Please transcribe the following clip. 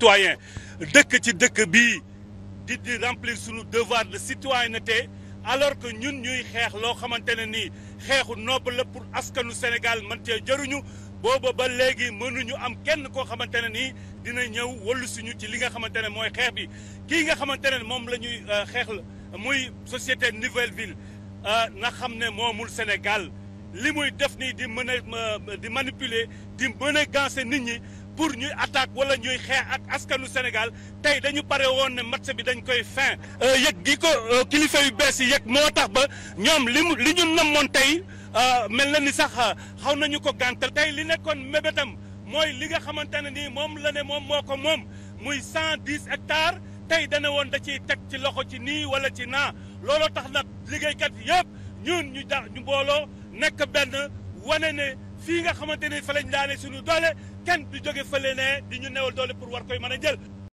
citoyen dëkk ci dëkk bii di di remplir suñu devoir de citoyenneté alors que ñun ñuy xeex loo xamante ne nii xeexu noble la pour askanu Sénégal man cee jëruñu booba ba léegi mënuñu am kenn koo xamante ne nii dina ñëw wallu suñu ci li nga xamante ne mooy xeex bi kii nga xamante ne moom la ñuy euh, xeex la muy société nouvelle ville euh, na xam ne moomul Sénégal li muy def nii di mën a euh, di manipuler di mën a nit ñi pour ñuy attaque wala ñuy xeex ak askanu Sénégal tey dañu pare woon ne match bi dañ koy fin euh, yëg gi ko euh, kilifa yu bees yi yëg moo tax ba ñoom li mu li ñu namoon tey euh, mel na ni sax xaw nañu ko gàntal tey li nekkoon mebetam mooy li nga xamante ne nii moom la ne moom moo ko moom muy cent dix hectares tey dana woon da ciy teg ci loxo ci nii wala ci naa looloo tax nag liggéeykat yëpp ñun ñu da ñu booloo nekk benn wane ne fii nga xamante ne fa lañ daane suñu doole kenn du jóge fële ne di ñu newal doole pour war koy mën a jël